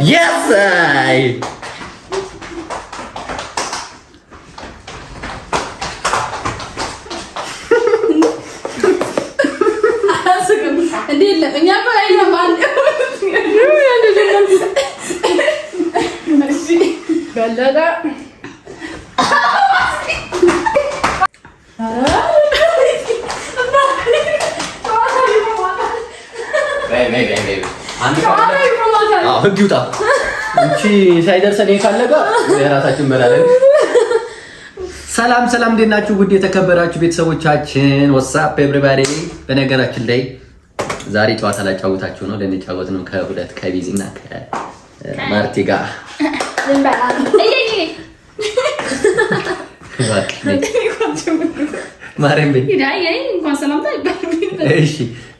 Yes, I. ህግ ይውጣ። እቺ ሳይደርስ እኔ ካለጋ የራሳችን መላለን። ሰላም ሰላም፣ እንዴት ናችሁ? ውድ የተከበራችሁ ቤተሰቦቻችን ወሳፕ ኤቭሪባዲ። በነገራችን ላይ ዛሬ ጨዋታ ላጫወታችሁ ነው። ልንጫወት ነው ከሁለት ከቢዚ እና ከማርቲ ጋር ማርያም ቤት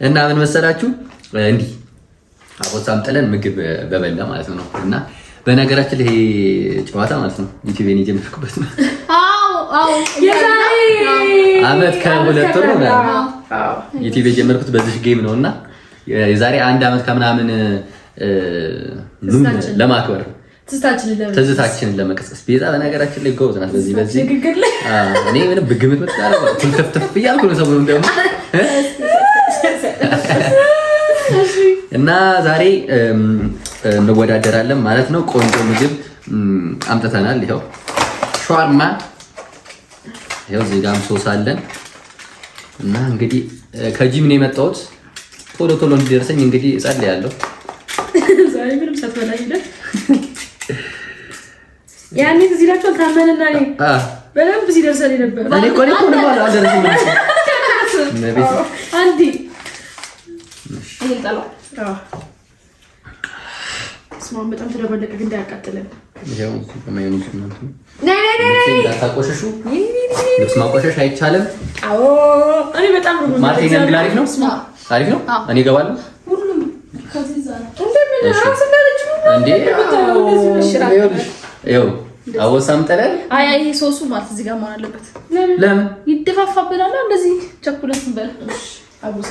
እና ምን መሰላችሁ እንዲህ አቦሳም ጥለን ምግብ በበላ ማለት ነው። እና በነገራችን ላይ ጨዋታ ማለት ነው ዩቲዩብን የጀመርኩበት ነው። አመት ከሁለት ወር ነው ዩቲዩብ የጀመርኩት በዚህ ጌም ነው እና የዛሬ አንድ አመት ከምናምን ለማክበር ትዝታችንን ለመቀስቀስ ቤዛ በነገራችን ላይ ጎበዝ ናት። በዚህ በዚህ እኔ ምንም ብግምት መጣ ኩልተፍተፍ እያልኩ ነው ሰሞኑን ደግሞ እና ዛሬ እንወዳደራለን ማለት ነው። ቆንጆ ምግብ አምጥተናል። ይኸው ሸዋርማ፣ ይኸው እዚህ ጋርም ሶስ አለን እና እንግዲህ ከጂም ነው የመጣሁት። ቶሎ ቶሎ እንዲደርሰኝ እንግዲህ እጸልያለሁ። ዛሬ ያኔ ትዝ ይላችኋል። ታመንና እኔ በደንብ ሲደርሰን ነበር። ይሄን ጠላው። ስማን በጣም ግን እንዳያቃጥለን ማቆሸሽ አይቻልም። እኔ በጣም አሪፍ ነው አሪፍ ነው። እኔ እገባለሁ። አወሳም አይ አይ ሶሱ ማለት እዚህ ጋር መሆን አለበት። ለምን ይደፋፋብናል? እንደዚህ ቸኩለት እንበል አቦሳ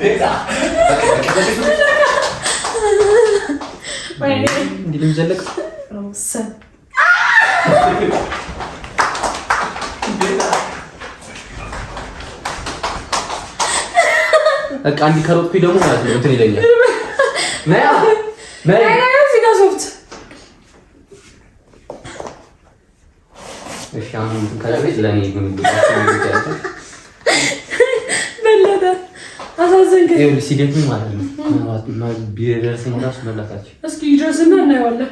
Beyza. Dilim üzerinde kız. Olsun. አንድ ካሮት ደግሞ ማለት ነው እንትን ይለኛል። ነያ ነያ ሲጋሶፍት እሺ አሁን ከለቤት ለኔ ምን ይኸውልህ ሲደግም ማለት ነው ቢደርስኝ እራሱ መላካቸው እስኪ ይድረስና እናየዋለን።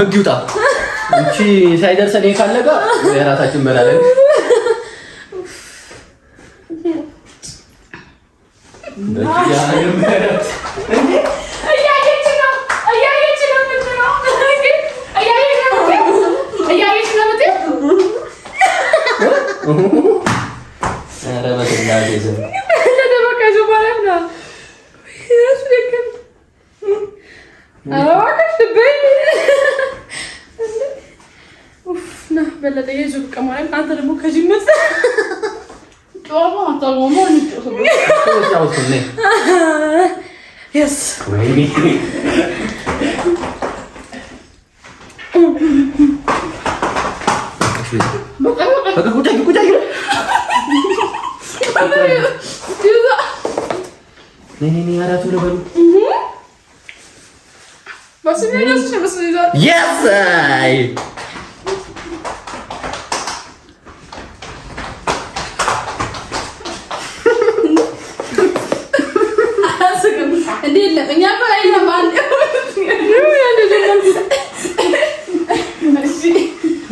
ህግ ይውጣ። እቺ ሳይደርሰን ካለ የራሳችን መላለን በለጠ የዙር ቀማራም አንተ ደግሞ ከጅምስ ጦሞ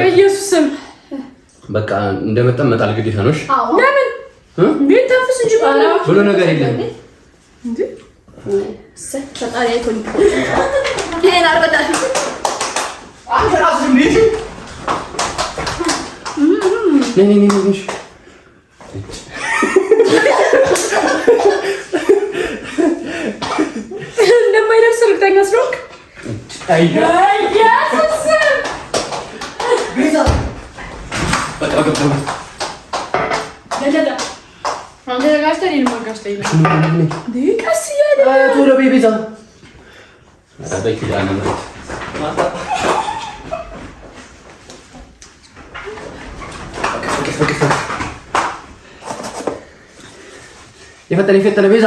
በኢየሱስም በቃ እንደመጣን መጣል ግዴታ ነው። ለምን ታፍስ እንጂ ብሎ ነገር የለም። እህ እርግጠኛ ስለሆንክ የፈጠነ የፈጠነ ቤዛ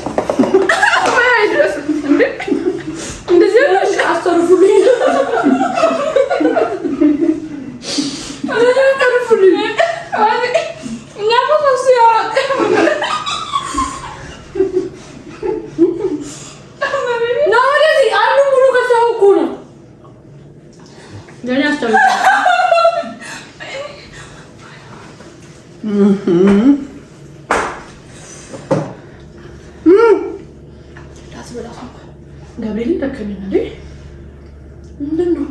ገብርኤል ደከመኝ አይደል? ምንድን ነው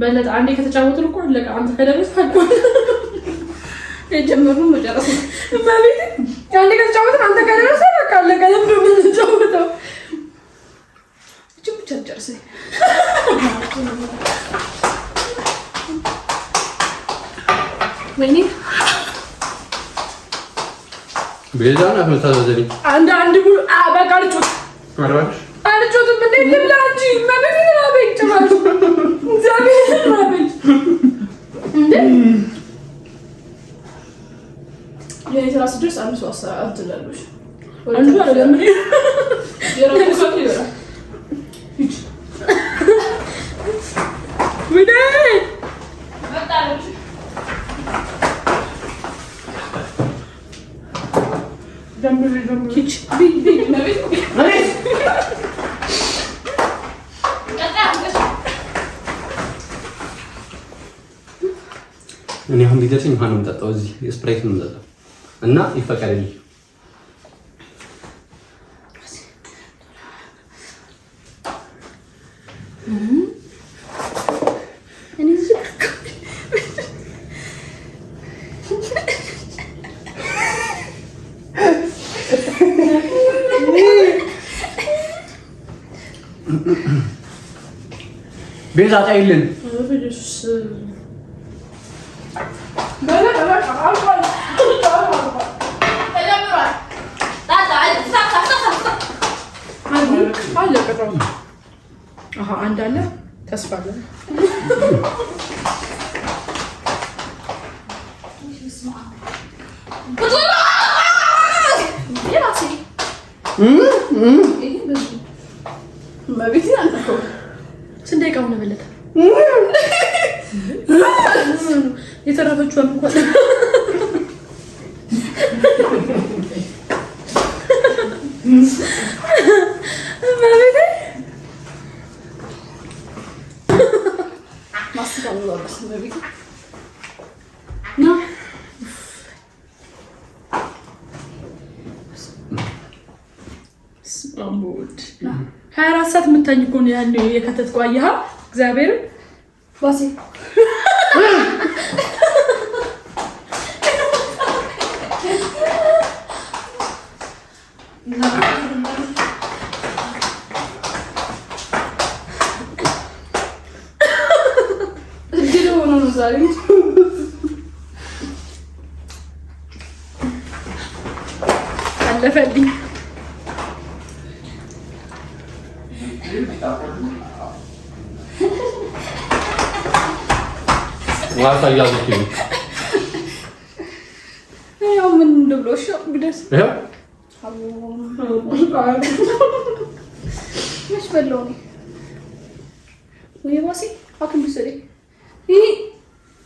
በለጠ። አንዴ ከተጫወትን እኮ አለቀ። አንተ ከደረስ የጀመርነው መጨረስ ነው። አንዴ ከተጫወትን አንተ ከደረስ አለቀ። ለምንድን ነው የምንጫወተው? ወይኔ ቤዛ ናት የምታዘዘኝ። አንድ አንድ ብሎ በቃ አልጮት አልጮትም። እንዴት ልብላ እንጂ መብት ራበኝ፣ ጭራሽ እግዚአብሔር ራበኝ። እንዴ የኔ ራስ ደርስ አንድ ሰው አሰራ ትላለች። ወንዱ አለ ለምን ይራቁ ሰው ይራል እኔ አሁን ቢደርሰኝ ውሃ ነው የምጠጣው። እዚህ ስፕራይት ነው የምጠጣው እና ይፈቀድልኝ ቤዛ ጫይልን አንድ አለ ተስፋ አለ። አልገባችሁም እኮ ሀያ አራት ሰዓት የምታኝ እኮ ነው ያኔ የከተትኩ እግዚአብሔርን Sorry. አለፈልኝ። ዋሳ እያዙት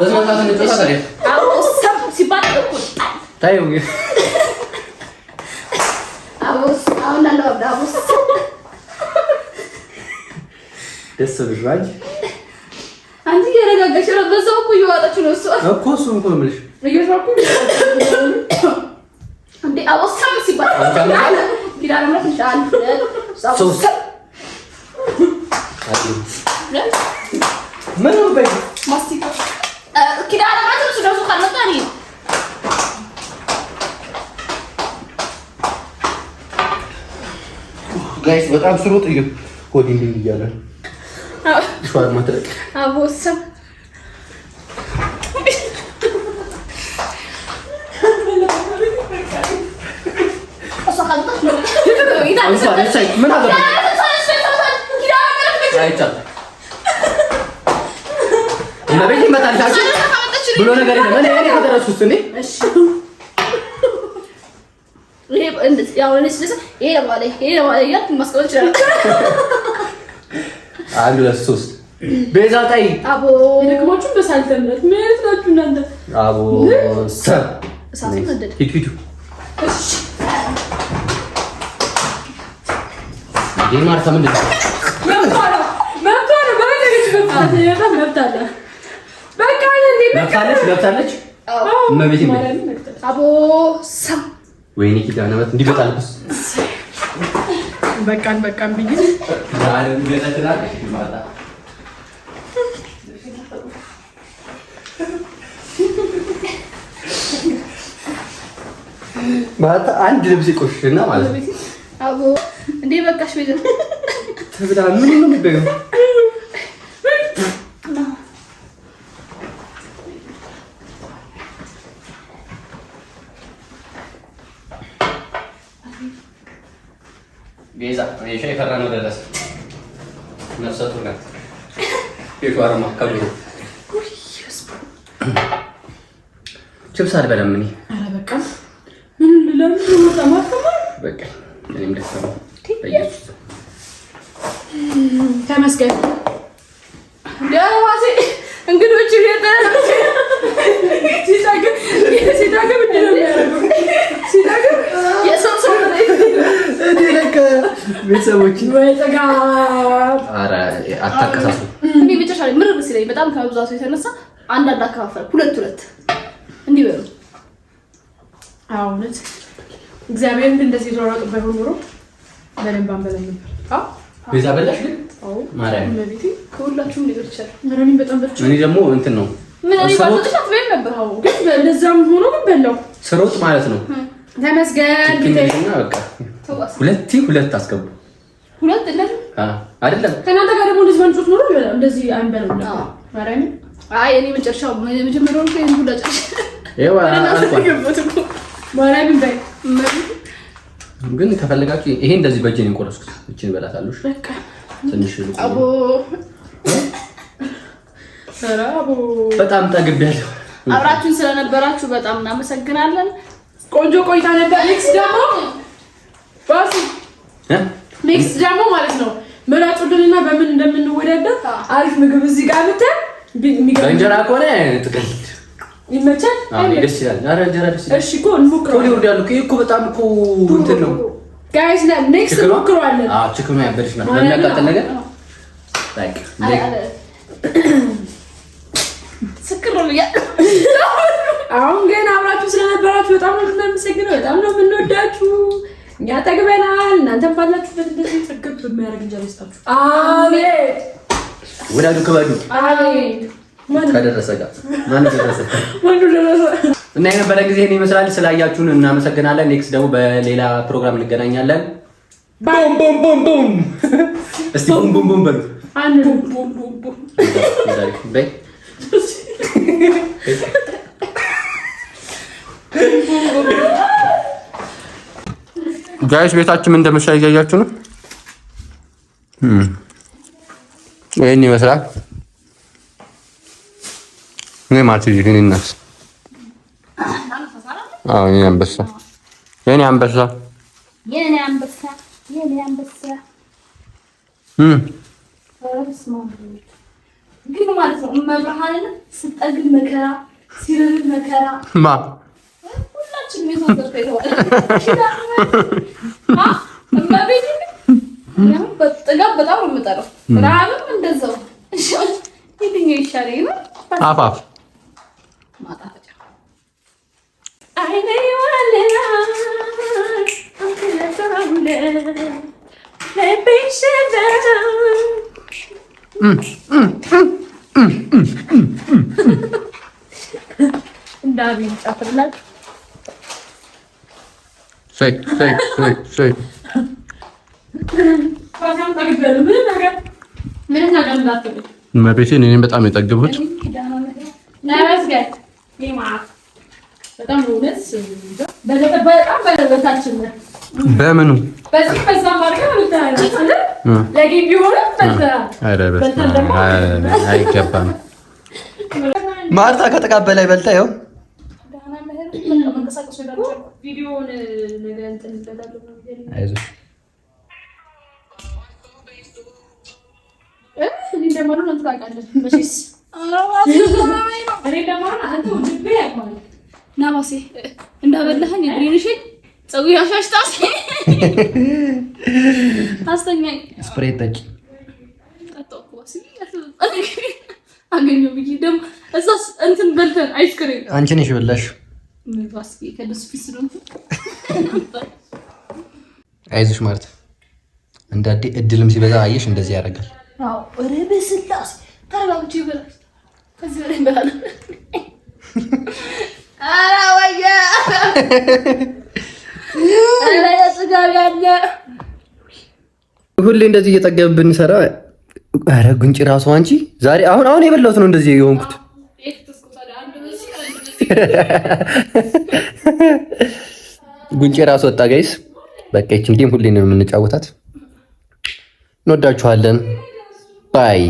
ደስ ብሏል። አንቺ እየረጋጋሽ ነው። በዛው እኮ እየዋጠች ነው እሷ እኮ እሱን እኮ የምልሽ። ምንም ጋይስ በጣም ስሩጥ እዩ ሆድ ይልኝ እያለ ሸዋር ማድረግ አቦሰም ምን አገባ አይቻልም። እመቤት ይመጣልታችሁ ብሎ ነገር የለም። እኔ ከደረሱት እኔ አንድ ሁለት ሶስት ቤዛ ጣይ አቦ ደግሞቹን በሳልተነት ምንት ናችሁ እናንተ? አቦ ሰብ ማርታ ምንድን ነው መብታለች አቦ መብታለች ወይኔ እንዲበጣል እንዲበጣልኩስ በቃን በቃን ብዬ ማለት አንድ ልብስ ይቆሽና ማለት ነው። አቦ እንዴ በቃሽ። ምን ነው የሚበየው ጨጓራ ማካሉ ችብስ አልበላም እኔ። ኧረ በቃ ምን ልላችሁ ተማከማ በቃ እኔም ደስ ነው። ተመስገን ደዋሴ እንግዶች ሲታገብ ሲታገብ ሲታገብ የሰው ሰው ቤተሰቦች ወይ አታቀሳሱ የተሻለ ምርር ሲለኝ በጣም ከመብዛቱ የተነሳ አንዳንድ አከፋፈል ሁለት ሁለት እንዲህ በሉ። አዎ እውነት እግዚአብሔር እንደዚህ ሮራቅ ባይሆን ኖሮ በደንብ አንበላኝ ነበር። ቤዛ በላሽ ግን ማርያም ለቤቴ ይችላል። ምንም በጣም ነው ምን ነበር። ግን ሆኖ ምን በላው ስሮጥ ማለት ነው። ተመስገን ሁለቴ ሁለት አስገቡ ሁለት አይደለም ከእናንተ ጋር ደግሞ እንደዚህ መንጮት ኖሮ ይበላል። እንደዚህ አንበላም። አይ እኔ መጨረሻው መጀመሪያው ነው ከዚህ ሁላ ጨርሽ ይሄው ግን ከፈለጋችሁ ይሄ እንደዚህ በእጄ ነው የቆረስኩት። እቺን በላታለሁ። በቃ ትንሽ ልቁ አቦ ሰራቦ በጣም ጠግቤያለሁ። አብራችሁን ስለነበራችሁ በጣም እናመሰግናለን። ቆንጆ ቆይታ ነበር። ኔክስት ደግሞ ባሲ ኔክስት ደግሞ ማለት ነው መራጮልንና በምን እንደምንወዳደር አሪፍ ምግብ እዚህ ጋር ብታይ እንጀራ ከሆነ ጥቀልድ ይመቻል። ደስ ይላል። ኧረ እንጀራ ደስ ይላል። እሺ እኮ እንሞክረዋለን። ይወዳሉ እኮ በጣም እኮ እንትን ነው ጋይስ። ኔክስት እንሞክረዋለን። አዎ ነው ያበልሽ ማለት በሚያቃጥል ነገር ስክር ብያለሁ። አሁን ግን አብራችሁ ስለነበራችሁ በጣም ነው የምናመሰግነው። በጣም ነው የምንወዳችሁ። ያጠግበናል። እናንተም ባላችሁበት እንደዚህ ጥግብ የሚያደርግ እንጀራ ይስጣችሁ። አቤት ወዳጁ ክበሉ። ከደረሰ ጋር ደረሰ እና የነበረ ጊዜ ይህን ይመስላል። ስላያችሁን እናመሰግናለን። ኔክስት ደግሞ በሌላ ፕሮግራም እንገናኛለን። እስቲ ቦም ቦም ቦም በሉ። ጋይስ ቤታችን ምን እንደመሰለ እያያችሁ ነው። ይህን ይመስላል። እኔ ማለት ይሄን እናስ አዎ፣ የኔ አንበሳ የኔ አንበሳ አንበሳ አንበሳ እም ግን ማለት ነው መብርሃንን ስጠግብ መከራ ሲርብ መከራ ማ ጥጋብ በጣም የምጠለው ነው? አፋፍ እንዳቢ ጫፍላችሁ ሼክ ሼክ ሼክ ሼክ መቤቴን እኔም በጣም የጠግቡት በምኑ አይገባም። ማርታ ከጥቃት በላይ በልታ ይኸው መንቀሳቀስ ነገር ቪዲዮን ነገር እንትን እንበታለሁ። አይዞህ እኔ እንደማልሆን አንተ ታውቃለህ። እንዳበላህን የግሪንሽን ፀጉር ያሻሽጣስ አስተኛኝ። ስፕሬይ ጠጪ አገኘሁ ብዬሽ ደግሞ እዛስ እንትን በልተን አይስክሬም አንቺ ነሽ የበላሽው አይዞሽ ማርት እንዳዴ እድልም ሲበዛ አየሽ እንደዚህ ያደርጋል። ሁሌ እንደዚህ እየጠገብህ ብንሰራ። ኧረ ጉንጭ ራሱ አንቺ ዛሬ አሁን አሁን የበላሁት ነው እንደዚህ የሆንኩት። ጉንጭ ራስ ወጣ ጋይስ። በቃ ይቺን ጌም ሁሌ ነው የምንጫወታት። እንወዳችኋለን ባይ